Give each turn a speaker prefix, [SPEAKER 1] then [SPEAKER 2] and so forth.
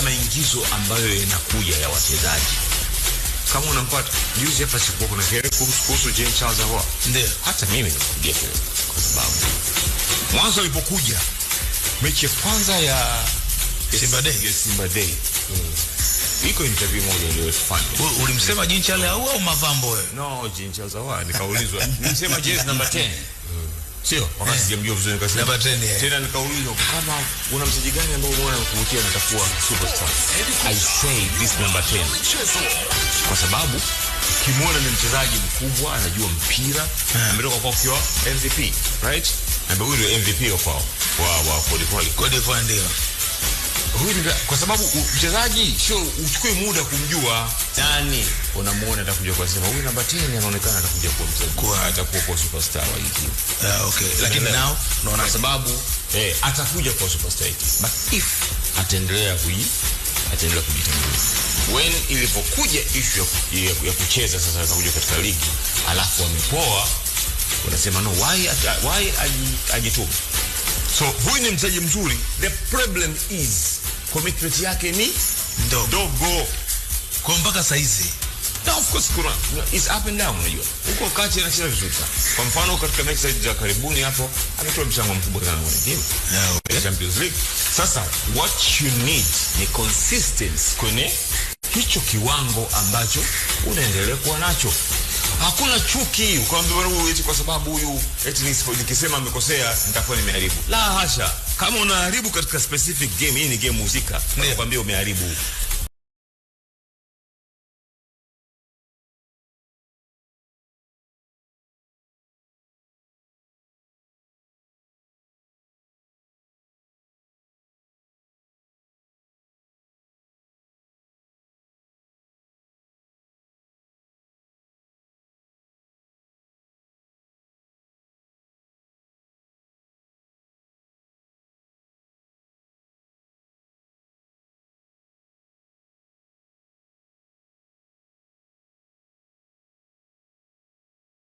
[SPEAKER 1] haya maingizo ambayo yanakuja ya wachezaji kama unampata juzi hapa, sikuwa kuna kere kuhusu kuhusu James Charles Ahoua, ndio hata mimi nimekuja kere kwa sababu mwanzo alipokuja mechi ya kwanza ya Simba Day ya Simba Day mm. iko interview moja iliyofanya.
[SPEAKER 2] Ulimsema Jean Charles Ahoua au Mavambo? wewe?
[SPEAKER 1] No, Jean Charles Ahoua nikaulizwa,
[SPEAKER 2] nilisema jezi namba 10
[SPEAKER 1] Sio, wakati eh, sijamjua vizuri kasi Namba 10. Eh. Tena nikaulizwa kama una mchezaji gani ambao umeona na unatakuwa
[SPEAKER 2] superstar. I say this number 10. Kwa sababu kimwona ni mchezaji mkubwa, anajua mpira, eh. ametoka kwa kwa
[SPEAKER 1] MVP, right?
[SPEAKER 2] Na Bawiri MVP wa kwao.
[SPEAKER 1] Wa wa kodi
[SPEAKER 2] kwa ndio huyu ni kwa sababu mchezaji sio uchukue muda kumjua nani unamuona atakuja kwa sema huyu namba 10 anaonekana atakuja kwa mzee
[SPEAKER 1] kwa atakuwa kwa superstar wa hiki uh, ah, okay lakini like now
[SPEAKER 2] no, kwa sababu eh hey, atakuja kwa superstar hiki
[SPEAKER 1] but if ataendelea kuji ataendelea kujitambua when ilipokuja issue ya, ya, ya kucheza sasa atakuja katika ligi alafu amepoa
[SPEAKER 2] unasema no why why ajitume
[SPEAKER 1] so huyu ni mchezaji mzuri the problem is commitment yake ni
[SPEAKER 2] ndogo ndogo
[SPEAKER 1] kwa mpaka hizi na of course kuna is up and down. Unajua huko kati anacheza vizuri sana. Kwa mfano katika mechi za karibuni hapo ametoa mchango mkubwa sana kwa timu yeah, okay. Champions League. Sasa what you need ni consistency
[SPEAKER 2] kwenye hicho kiwango ambacho unaendelea kuwa nacho. Hakuna chuki ukamwambia huyu eti kwa sababu huyu eti nikisema amekosea nitakuwa nimeharibu. La hasha. Kama unaharibu katika specific game, hii ni game muzika, Nakwambia umeharibu.